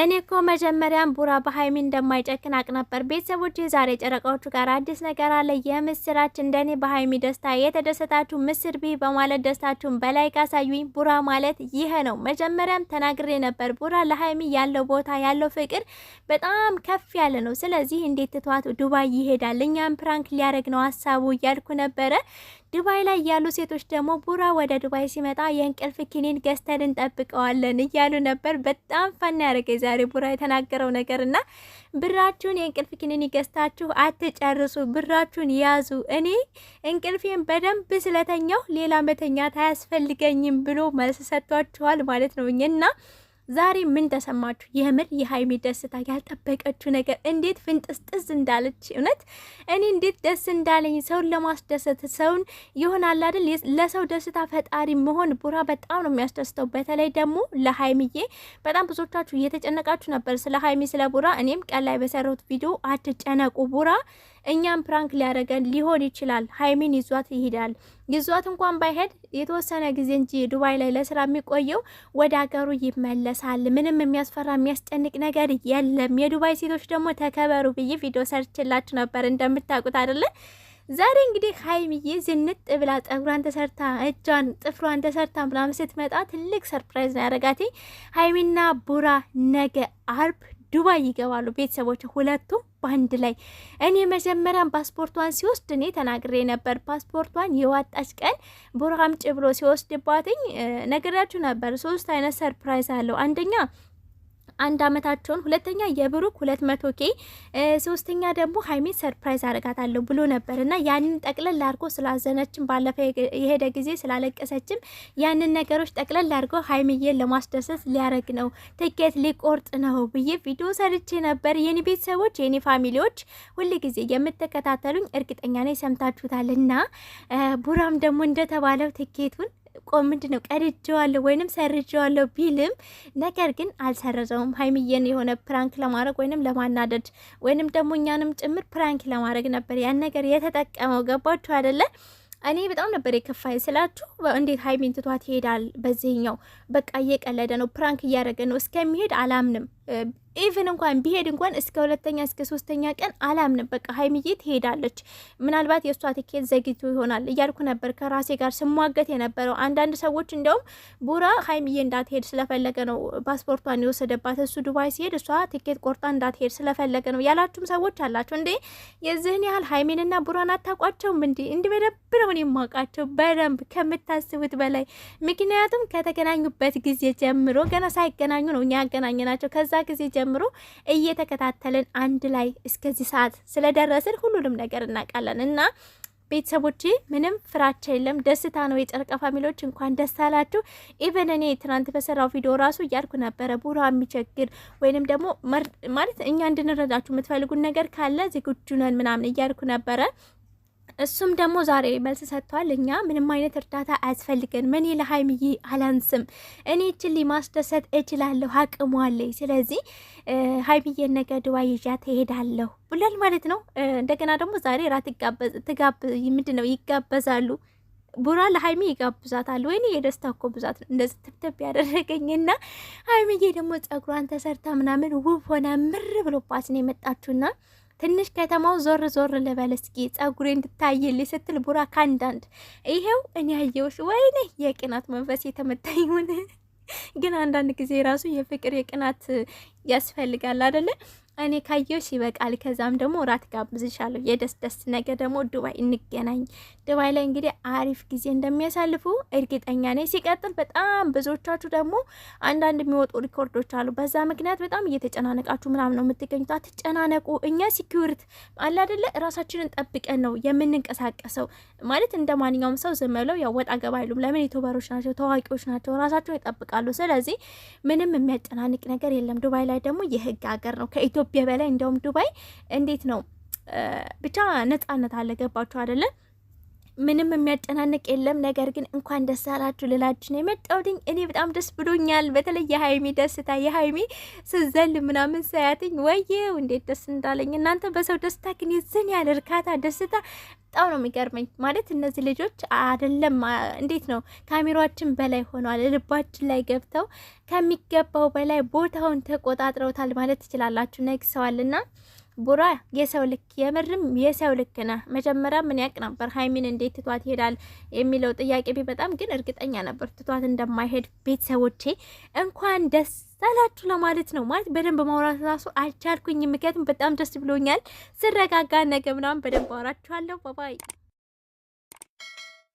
እኔ እኮ መጀመሪያም ቡራ በሀይሚ እንደማይጨክን አቅ ነበር። ቤተሰቦች ዛሬ ጨረቃዎቹ ጋር አዲስ ነገር አለ። የምስራች እንደኔ በሀይሚ ደስታ የተደሰታችሁ ምስር ቢ በማለት ደስታችሁን በላይ ካሳዩኝ ቡራ ማለት ይሄ ነው። መጀመሪያም ተናግሬ ነበር። ቡራ ለሀይሚ ያለው ቦታ ያለው ፍቅር በጣም ከፍ ያለ ነው። ስለዚህ እንዴት ትቷት ዱባይ ይሄዳል? እኛም ፕራንክ ሊያደረግ ነው ሀሳቡ እያልኩ ነበረ ዱባይ ላይ ያሉ ሴቶች ደግሞ ቡራ ወደ ዱባይ ሲመጣ የእንቅልፍ ኪኒን ገዝተን እንጠብቀዋለን እያሉ ነበር። በጣም ፈና ያደረገ ዛሬ ቡራ የተናገረው ነገር እና ብራችሁን የእንቅልፍ ኪኒን ገዝታችሁ አትጨርሱ፣ ብራችሁን ያዙ። እኔ እንቅልፌን በደንብ ስለተኛው ሌላ መተኛት አያስፈልገኝም ብሎ መልስ ሰጥቷችኋል ማለት ነው እና ዛሬ ምን ተሰማችሁ? የምር የሀይሚ ደስታ ያልጠበቀችው ነገር እንዴት ፍንጥስጥስ እንዳለች እውነት እኔ እንዴት ደስ እንዳለኝ ሰውን ለማስደሰት ሰውን ይሆናል አይደል? ለሰው ደስታ ፈጣሪ መሆን ቡራ በጣም ነው የሚያስደስተው። በተለይ ደግሞ ለሀይሚዬ በጣም ብዙዎቻችሁ እየተጨነቃችሁ ነበር ስለ ሀይሚ ስለ ቡራ። እኔም ቀን ላይ በሰራሁት ቪዲዮ አትጨነቁ ቡራ እኛም ፕራንክ ሊያደርገን ሊሆን ይችላል። ሀይሚን ይዟት ይሄዳል። ይዟት እንኳን ባይሄድ የተወሰነ ጊዜ እንጂ ዱባይ ላይ ለስራ የሚቆየው ወደ ሀገሩ ይመለሳል። ምንም የሚያስፈራ የሚያስጨንቅ ነገር የለም። የዱባይ ሴቶች ደግሞ ተከበሩ ብዬ ቪዲዮ ሰርችላችሁ ነበር እንደምታውቁት አይደለ? ዛሬ እንግዲህ ሀይሚዬ ዝንጥ ብላ ጸጉሯን ተሰርታ እጇን ጥፍሯን ተሰርታ ምናምን ስትመጣ ትልቅ ሰርፕራይዝ ነው ያደረጋት። ሀይሚና ቡራ ነገ አርብ ዱባይ ይገባሉ ቤተሰቦች ሁለቱም በአንድ ላይ እኔ መጀመሪያም ፓስፖርቷን ሲወስድ እኔ ተናግሬ ነበር። ፓስፖርቷን የዋጣች ቀን ቦራ አምጪ ብሎ ሲወስድባትኝ ነገራችሁ ነበር። ሶስት አይነት ሰርፕራይዝ አለው። አንደኛ አንድ አመታቸውን፣ ሁለተኛ የብሩክ ሁለት መቶ ኬ ሶስተኛ ደግሞ ሀይሜ ሰርፕራይዝ አረጋታለሁ ብሎ ነበር እና ያንን ጠቅለል ላርጎ ስላዘነችም ባለፈ የሄደ ጊዜ ስላለቀሰችም ያንን ነገሮች ጠቅለል አድርጎ ሀይሜዬን ለማስደሰት ሊያረግ ነው ትኬት ሊቆርጥ ነው ብዬ ቪዲዮ ሰርቼ ነበር። የኔ ቤተሰቦች የኔ ፋሚሊዎች ሁል ጊዜ የምትከታተሉኝ እርግጠኛ ነኝ ሰምታችሁታል እና ቡራም ደግሞ እንደተባለው ትኬቱን ምንድን ነው ቀድጀዋለሁ ወይንም ሰርጀዋለሁ ቢልም ነገር ግን አልሰረዘውም። ሀይሚዬን የሆነ ፕራንክ ለማድረግ ወይንም ለማናደድ ወይንም ደግሞ እኛንም ጭምር ፕራንክ ለማድረግ ነበር ያን ነገር የተጠቀመው። ገባችሁ አይደለ? እኔ በጣም ነበር የከፋይ ስላችሁ፣ እንዴት ሀይሚን ትቷት ይሄዳል? በዚህኛው በቃ እየቀለደ ነው፣ ፕራንክ እያደረገ ነው እስከሚሄድ አላምንም። ኢቨን እንኳን ቢሄድ እንኳን እስከ ሁለተኛ እስከ ሶስተኛ ቀን አላምንም። በቃ ሀይሚዬ ትሄዳለች፣ ምናልባት የእሷ ትኬት ዘግቶ ይሆናል እያልኩ ነበር ከራሴ ጋር ስሟገት የነበረው። አንዳንድ ሰዎች እንዲያውም ቡራ ሀይሚዬ እንዳትሄድ ስለፈለገ ነው ፓስፖርቷን የወሰደባት፣ እሱ ዱባይ ሲሄድ እሷ ትኬት ቆርጣ እንዳትሄድ ስለፈለገ ነው ያላችሁም ሰዎች አላችሁ። እንዴ የዚህን ያህል ሀይሜንና ቡራን አታውቋቸውም? እንዲ እንዲ በደንብ ነው የማውቃቸው በደንብ ከምታስቡት በላይ ምክንያቱም ከተገናኙበት ጊዜ ጀምሮ ገና ሳይገናኙ ነው እኛ ያገናኘናቸው ከዛ ጊዜ ጀምሮ እየተከታተልን አንድ ላይ እስከዚህ ሰዓት ስለደረስን ሁሉንም ነገር እናውቃለን እና ቤተሰቦቼ ምንም ፍራቻ የለም፣ ደስታ ነው። የጨርቃ ፋሚሊዎች እንኳን ደስ አላችሁ። ኢቨን እኔ ትናንት በሰራው ቪዲዮ ራሱ እያልኩ ነበረ ቡራ የሚቸግር ወይንም ደግሞ ማለት እኛ እንድንረዳችሁ የምትፈልጉን ነገር ካለ ዝግጁ ነን ምናምን እያልኩ ነበረ። እሱም ደግሞ ዛሬ መልስ ሰጥቷል። እኛ ምንም አይነት እርዳታ አያስፈልገንም፣ እኔ ለሀይምዬ አላንስም፣ እኔ እችን ሊማስደሰት እችላለሁ፣ አቅሙ አለኝ። ስለዚህ ሀይምዬን ነገ ዱባይ ይዣት እሄዳለሁ ብሏል ማለት ነው። እንደገና ደግሞ ዛሬ ራት ምንድን ነው ይጋበዛሉ። ቡራ ለሀይሚ ይጋብዛታል። ወይኔ የደስታ እኮ ብዛት ነው እንደዚህ ትብትብ ያደረገኝ ያደረገኝና ሀይሚዬ ደግሞ ጸጉሯን ተሰርታ ምናምን ውብ ሆነ ምር ብሎባት ነው የመጣችሁና ትንሽ ከተማው ዞር ዞር ልበል እስኪ ጸጉሬ እንድታይልኝ ስትል ቡራ ከአንዳንድ ይሄው እኔ ያየውሽ ወይኔ የቅናት መንፈስ የተመታ ይሁን። ግን አንዳንድ ጊዜ ራሱ የፍቅር የቅናት ያስፈልጋል አደለ? እኔ ካየሁሽ ይበቃል። ከዛም ደግሞ እራት ጋብዝሻለሁ። የደስ ደስ ነገር ደግሞ ዱባይ እንገናኝ። ዱባይ ላይ እንግዲህ አሪፍ ጊዜ እንደሚያሳልፉ እርግጠኛ ነኝ። ሲቀጥል በጣም ብዙዎቻችሁ ደግሞ አንዳንድ የሚወጡ ሪኮርዶች አሉ። በዛ ምክንያት በጣም እየተጨናነቃችሁ ምናምን ነው የምትገኙት። አትጨናነቁ። እኛ ሲኪውርት አለ አደለ ራሳችንን ጠብቀን ነው የምንንቀሳቀሰው። ማለት እንደ ማንኛውም ሰው ዝም ብለው ያወጣ ገባ አይሉም። ለምን ዩቱበሮች ናቸው፣ ታዋቂዎች ናቸው፣ ራሳቸውን ይጠብቃሉ። ስለዚህ ምንም የሚያጨናንቅ ነገር የለም። ዱባይ ላይ ደግሞ የህግ ሀገር ነው ከኢትዮ ከኢትዮጵያ በላይ እንደውም ዱባይ እንዴት ነው ብቻ ነጻነት አለ። ገባችሁ አይደለም? ምንም የሚያጨናንቅ የለም። ነገር ግን እንኳን ደስ አላችሁ ልላችሁ ነው የመጣሁትኝ። እኔ በጣም ደስ ብሎኛል። በተለይ የሀይሚ ደስታ የሀይሚ ስዘል ምናምን ሳያትኝ ወየው እንዴት ደስ እንዳለኝ እናንተ። በሰው ደስታ ግን የዝን ያለ እርካታ ደስታ በጣም ነው የሚገርመኝ። ማለት እነዚህ ልጆች አይደለም እንዴት ነው ካሜሯችን በላይ ሆኗል። ልባችን ላይ ገብተው ከሚገባው በላይ ቦታውን ተቆጣጥረውታል ማለት ትችላላችሁ። ነግሰዋልና ቡራ የሰው ልክ የምርም የሰው ልክ ነህ። መጀመሪያ ምን ያውቅ ነበር ሀይሚን እንዴት ትቷት ይሄዳል የሚለው ጥያቄ በጣም ግን እርግጠኛ ነበር ትቷት እንደማይሄድ። ቤተሰቦቼ እንኳን ደስ ሰላችሁ ለማለት ነው። ማለት በደንብ ማውራት ራሱ አልቻልኩኝ፣ ምክንያቱም በጣም ደስ ብሎኛል። ስረጋጋ ነገ ምናምን በደንብ አውራችኋለሁ። ባባይ